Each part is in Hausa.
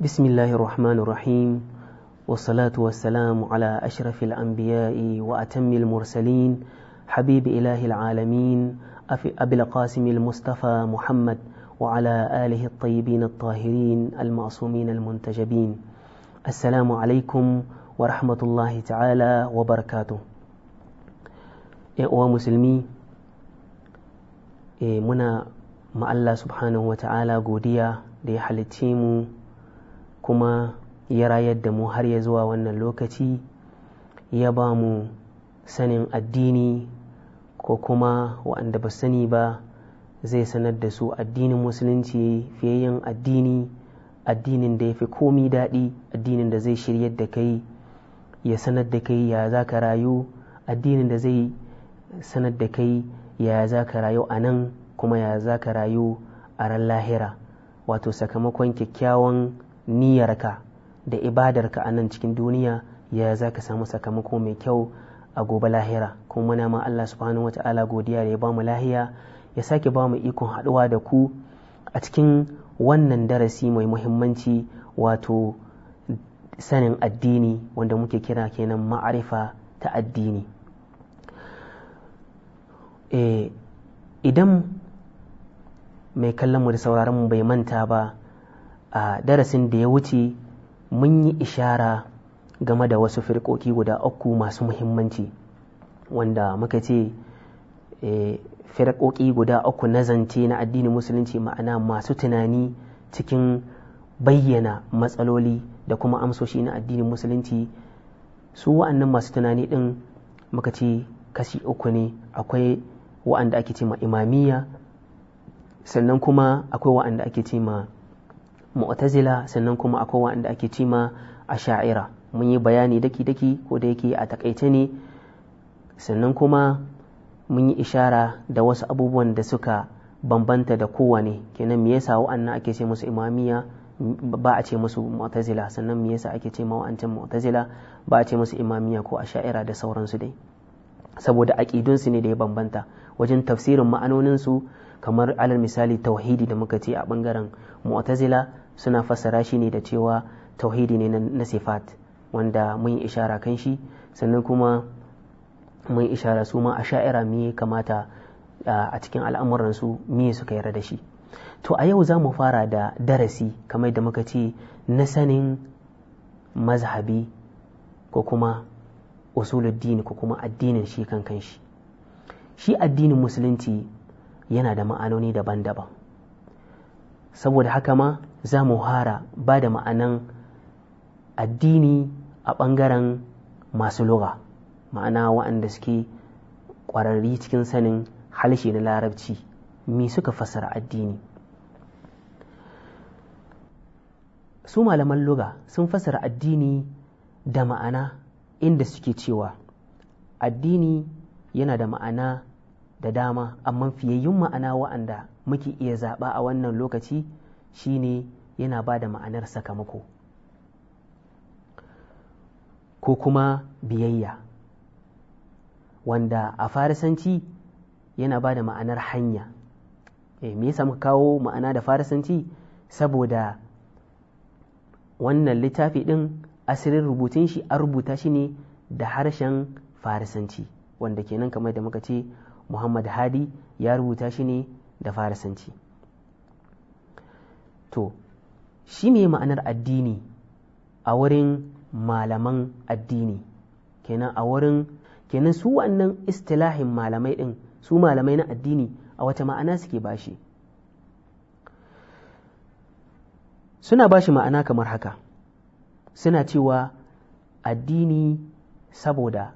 بسم الله الرحمن الرحيم والصلاة والسلام على أشرف الأنبياء وأتم المرسلين حبيب إله العالمين أبي القاسم المصطفى محمد وعلى آله الطيبين الطاهرين المعصومين المنتجبين السلام عليكم ورحمة الله تعالى وبركاته يا مسلمي منا مع الله سبحانه وتعالى قوديا لحلتيمو kuma ya rayar da mu har ya zuwa wannan lokaci ya ba mu sanin addini ko kuma waɗanda ba sani ba zai sanar da su addinin musulunci fiye yin addini addinin da ya fi komi daɗi addinin da zai shiryar da kai ya sanar da kai ya za ka rayu addinin da zai sanar da kai ya za ka rayu a nan kuma ya za ka rayu a ran lahira wato sakamakon kyakkyawan niyyarka da ibadarka a nan cikin duniya ya za ka samu sakamako mai kyau a gobe lahira kuma muna ma Allah subhanahu wa ta'ala godiya da ya ba mu lahiya ya sake mu ikon haɗuwa da ku a cikin wannan darasi mai muhimmanci wato sanin addini wanda muke kira kenan ma'arifa ta addini eh, idan mai kallon mu da sauraron mu bai manta ba a darasin da ya wuce mun yi ishara game da wasu firkoki guda uku masu muhimmanci wanda muka ce eh, firkoki guda uku na zance na addinin musulunci ma'ana masu tunani cikin bayyana matsaloli da kuma amsoshi na addinin musulunci su wa'annan masu tunani ɗin muka ce kashi uku ne akwai wa'anda ake ce ma imamiya sannan kuma akwai wa'anda ake ce ma mu'tazila sannan kuma akwai wanda ake cima asha'ira mun yi bayani daki-daki ko da yake a takaice ne sannan kuma mun yi ishara da wasu abubuwan da suka bambanta da kowane kenan me yasa wa'annan ake ce musu imamiya ba a ce musu mu'tazila sannan me yasa ake ce ma wa'ancan mu'tazila ba a ce musu imamiya ko asha'ira da sauransu dai saboda su ne da ya bambanta wajen tafsirin ma'anonin su kamar alal misali tauhidi da muka ce a bangaren mu'tazila suna fassara shi ne da cewa tauhidi ne na sifat wanda mun ishara kan shi sannan kuma mun ishara su ma a sha'ira miye kamata a cikin al'amuransu miye suka yarda da shi to a yau za mu fara da darasi kamar da muka ce na sanin mazhabi ko kuma usuluddini ko kuma addinin shi kan kan shi? shi addinin musulunci yana da ma'anoni daban-daban saboda haka ma za mu hara ba da ma'anan addini a ɓangaren masu lura ma'ana waɗanda suke ƙwararri cikin sanin halshe na larabci me suka fassara addini su malaman lura sun fassara addini da ma'ana inda suke cewa addini yana da ma'ana da dama amma fiyayyun ma'ana wa'anda muke iya zaɓa a wannan lokaci shine yana ba da ma'anar sakamako ko kuma biyayya wanda a farisanci yana ba da ma'anar hanya e, me yasa muka kawo ma'ana da farisanci saboda wannan littafi ɗin asirin rubutun shi an rubuta shi ne da harshen farisanci wanda kenan kamar da muka ce muhammad hadi ya rubuta shi ne da farisanci to shi me ma'anar addini a wurin malaman addini kenan a wurin kenan su wannan istilahin malamai ɗin su malamai na addini a wata ma'ana suke bashi suna bashi ma'ana kamar haka suna cewa addini saboda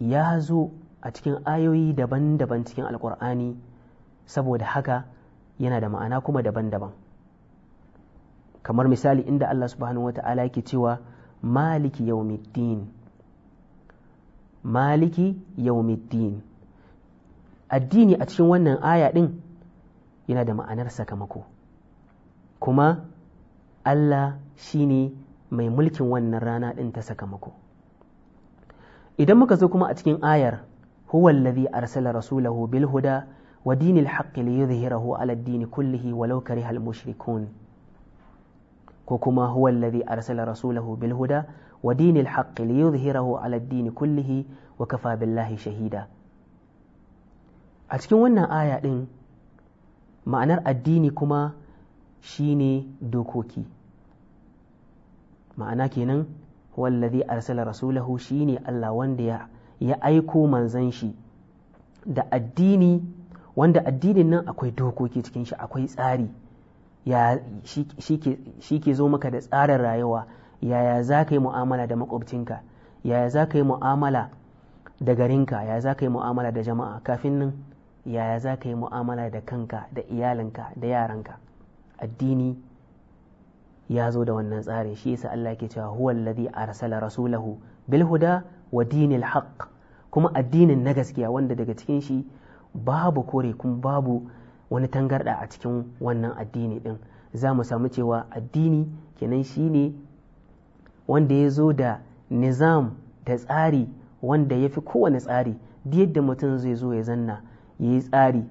ya zo a cikin ayoyi daban-daban cikin alkur'ani saboda haka yana da ma'ana kuma daban-daban kamar misali inda Allah subhanahu wata'ala yake cewa maliki yaumiddin maliki yaumiddin addini a cikin wannan aya din yana da ma'anar sakamako kuma Allah shine mai mulkin wannan rana din ta sakamako idan muka zo kuma a cikin ayar huwa allazi arsala rasulahu bil huda wa dinil haqqi li yuzhirahu ala ad kullihi walau kariha al-mushrikun ko kuma huwa alladhi arsala rasulahu bil huda wa dinil haqqi li yuzhirahu ala ad-din kullihi wa kafa billahi shahida a cikin wannan aya ɗin ma'anar addini kuma shine dokoki ma'ana kenan wallazi arsala rasulahu shine Allah wanda ya aiko manzan shi da addini wanda addinin nan akwai dokoki cikin shi akwai tsari ya shi ke zo maka da tsarin rayuwa yaya za ka yi mu'amala da makwabcinka yaya za ka yi mu'amala da garinka yaya za ka yi mu'amala da jama'a kafin nan yaya za ka yi mu'amala da kanka da iyalinka da yaranka addini ya zo da wannan tsarin shi yasa Allah ke cewa huwa alladhi arsala rasulahu bil huda wa dinil haqq kuma addinin na gaskiya wanda daga cikin shi babu kore kuma babu wani tangarɗa a cikin wannan addini ɗin za mu samu cewa addini kenan shi ne wanda ya zo da nizam da tsari wanda ya fi kowane tsari duk yadda mutum zai zo ya zanna ya yi tsari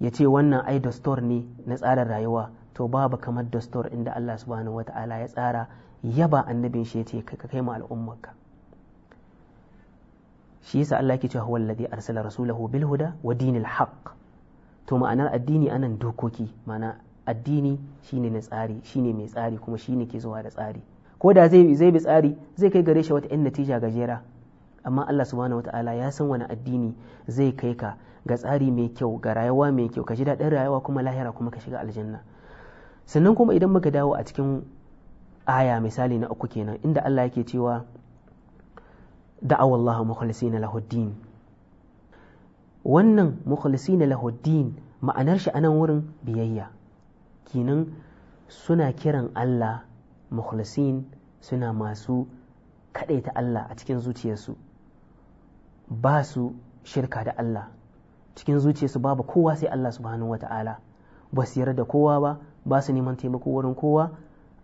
ya ce wannan ai dastor ne na tsarin rayuwa to babu kamar dastor inda Allah subhanahu wata'ala ya tsara yaba annabin shi ya ce ka kai mu al'ummarka shi yasa Allah yake cewa huwal ladhi arsala rasulahu bil huda wa dinil haqq to ma'anar addini anan dokoki ma'ana addini shine na tsari shine mai tsari kuma shine ke zuwa da tsari ko da zai zai bi tsari zai kai gare shi wata yan natija gajera amma Allah subhanahu wata'ala ya san wani addini zai kai ka ga tsari mai kyau ga rayuwa mai kyau ka ji daɗin rayuwa kuma lahira kuma ka shiga aljanna sannan kuma idan muka dawo a cikin aya misali na uku kenan inda Allah yake cewa da'awar Allah mukhlisina lahuddin wannan mukhlisina lahuddin ma'anar shi anan wurin biyayya kinan suna kiran Allah mukhlisin suna masu kadaita Allah a cikin zuciyarsu ba su shirka da Allah cikin zuciyarsu babu kowa sai Allah subhanahu wata'ala ba su yarda kowa ba ba su neman taimako wurin kowa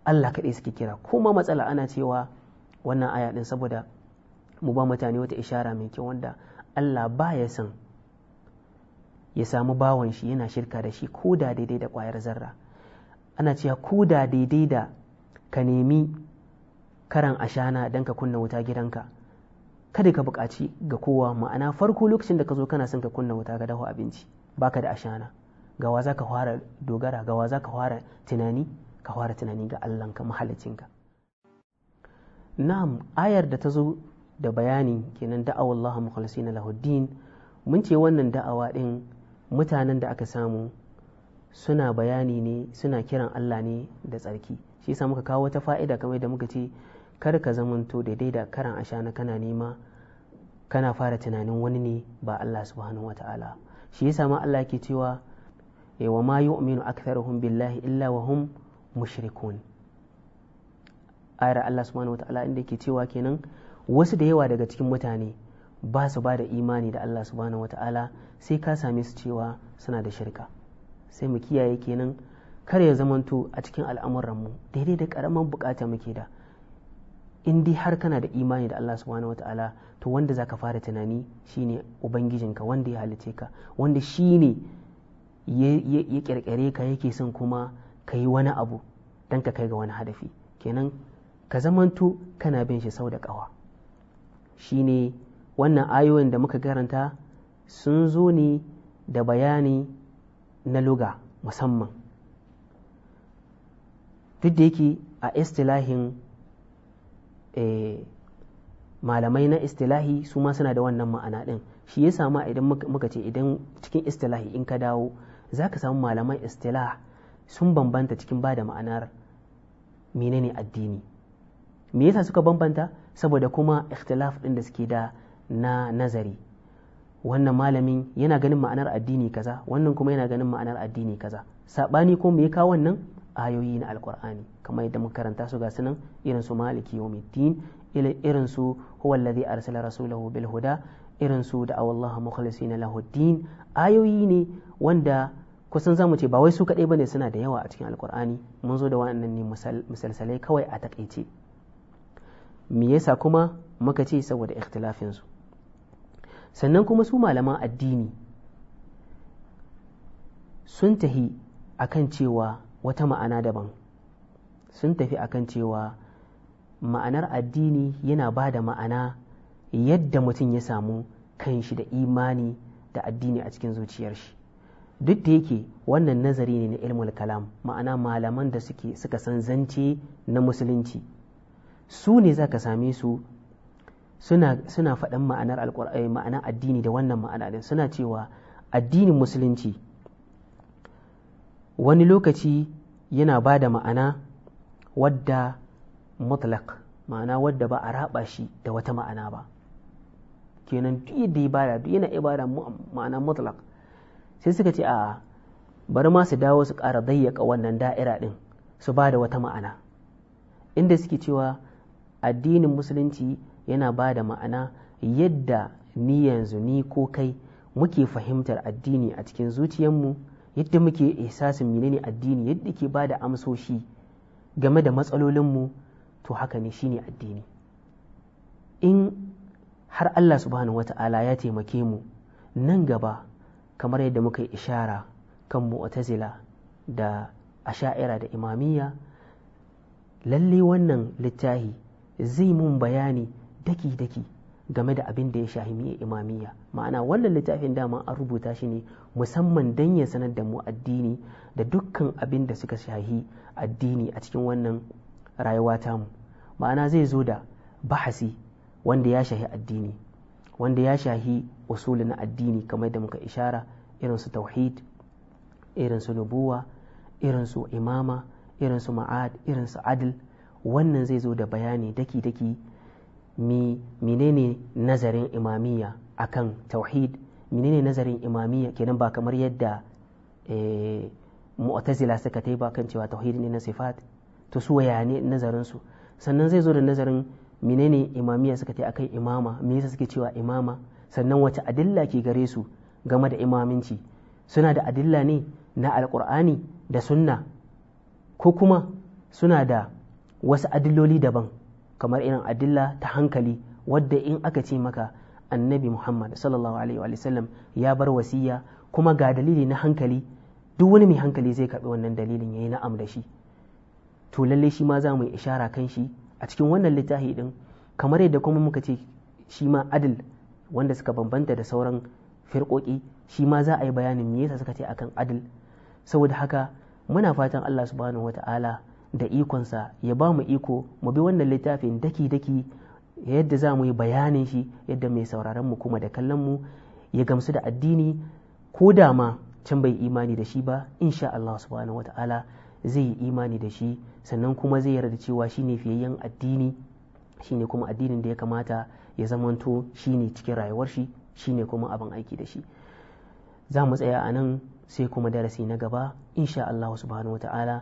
Allah kaɗai suke kira kuma matsala ana cewa wannan aya ɗin saboda mu ba mutane wata ishara mai kyau wanda Allah ba ya san ya samu bawan shi yana shirka da shi ko da daidai da ƙwayar zarra ana cewa ko da daidai da ka nemi karan ashana don ka kunna wuta gidanka kada ka buƙaci ga kowa ma'ana farko lokacin da ka zo kana son ka kunna wuta ga daho abinci baka da ashana gawa za ka fara dogara gawa za ka fara tunani ka fara tunani ga Allahnka mahalicinka na'am ayar da ta zo da bayani kenan da'awar Allah na lahuddin mun ce wannan da'awa ɗin mutanen da aka samu suna bayani ne suna kiran Allah ne da tsarki shi yasa muka kawo wata fa'ida kamar da muka ce kar ka zamanto daidai da karan ashana kana nema kana fara tunanin wani ne ba Allah subhanahu wata'ala shi yasa ma Allah ke cewa eh, wa ma yu'minu aktharuhum billahi illa wa hum mushrikun ayar Allah subhanahu wata'ala inda ke cewa kenan wasu da yawa daga cikin mutane ba su ba da imani da Allah subhanahu wata'ala sai ka same su cewa suna da shirka sai mu kiyaye kenan kar ya zamanto a cikin al'amuranmu daidai da ƙaramin bukata muke da in dai har kana da imani da Allah subhanahu wata'ala to wanda zaka fara tunani shine ubangijinka wanda ya halice ka wanda shine ya kirkire ka yake son kuma ka yi wani abu don ka kai ga wani hadafi kenan ka zamanto kana bin shi sau da ƙawa shine wannan ayoyin da muka karanta sun zo ne da bayani na luga musamman duk da yake a istilahin eh, malamai na istilahi su ma suna da wannan ma'ana ɗin shi ya samu idan muka ce idan cikin istilahi in ka dawo za ka samu malaman istilah sun bambanta cikin ba da ma'anar menene addini me yasa suka bambanta saboda kuma ikhtilaf ɗin da suke da na nazari wannan malamin yana ganin ma'anar addini kaza wannan kuma yana ganin ma'anar addini kaza saɓani ko me ya kawo wannan ayoyi na alkur'ani kamar yadda muka karanta su ga sunan irin su maliki yawmiddin irin su huwa allazi arsala rasulahu bil huda irin su da awallaha mukhlisina lahu din ayoyi ne wanda kusan zamu ce ba wai su kadai bane suna da yawa a cikin alkur'ani mun zo da waɗannan ne misalsalai kawai a takaice me yasa kuma muka ce saboda ikhtilafinsu sannan kuma su malaman addini sun tafi akan cewa wata ma'ana daban sun tafi akan cewa ma'anar addini yana ba da ma'ana yadda mutum ya samu kanshi da imani da addini a cikin zuciyar shi duk da yake wannan nazari ne na ilmul kalam ma'ana malaman da suke suka san zance na musulunci su ne za ka same su suna faɗin ma'anar eh, ma'anar addini da wannan ma'ana din suna cewa addinin musulunci wani lokaci yana ba da ma'ana wadda mutlak ma'ana wadda ba a raba shi da wata ma'ana ba kenan duk yadda ya bada duk yana ibada ma'ana mutlak sai suka ce a bari ma su dawo su ƙara dayyaka wannan da'ira ɗin su ba da wata ma'ana inda suke cewa addinin musulunci yana ba da ma'ana yadda ni yanzu ni ko kai muke fahimtar addini a cikin zuciyarmu yadda muke ihsasin menene addini yadda ke ba da amsoshi game da matsalolinmu to haka ne shine addini in har Allah subhanahu wata'ala ya taimake mu nan gaba kamar yadda muka yi ishara kan mu'tazila da asha'ira da imamiyya lalle wannan littahi zai mun bayani daki-daki game da abin da ya shahi shahimiya imamiyya ma'ana wannan littafin dama an rubuta shi ne musamman dan ya sanar da mu addini da dukkan abin da suka shahi addini a cikin wannan rayuwa tamu ma'ana zai zo da bahasi wanda ya shahi addini wanda ya shahi usuli na addini kamar da muka ishara irin su tauhid irin su nubuwa irin su imama irin su ma'ad irin su adil wannan zai zo da bayani daki-daki menene nazarin imamiyya akan tauhid menene nazarin imamiyya kenan ba kamar yadda eh, mu'tazila suka ta ba kan cewa tauhid ne na sifat to su waya ne nazarin su sannan zai zo da nazarin menene imamiyya suka ta akan imama me yasa suke cewa imama sannan wace adilla ke gare su game da imaminci suna da adilla ne na alkur'ani da sunna ko kuma suna da wasu adilloli daban kamar irin adilla ta hankali wadda in aka ce maka annabi muhammad sallallahu alaihi wa sallam ya bar wasiya kuma ga dalili na hankali duk wani mai hankali zai karɓi wannan dalilin ya yi na'am da shi to lalle shi ma za mu yi ishara kan shi a cikin wannan littafi din kamar yadda kuma muka ce shi ma adil wanda suka bambanta da sauran firkoki shi ma za a yi bayanin me yasa suka ce akan adil saboda haka muna fatan Allah subhanahu wata'ala da ikonsa ya ba mu iko mu bi wannan littafin daki-daki yadda za mu yi bayanin shi yadda mai sauraron mu kuma da kallon mu ya gamsu da addini ko da ma can bai imani da shi ba insha Allah subhanahu wata'ala zai yi imani da shi sannan kuma zai yarda cewa shine fiyayyen addini shine kuma addinin da ya kamata ya zamanto shine cikin rayuwar shi shine kuma abin aiki da shi za mu tsaya a nan sai kuma darasi na gaba insha Allah subhanahu wata'ala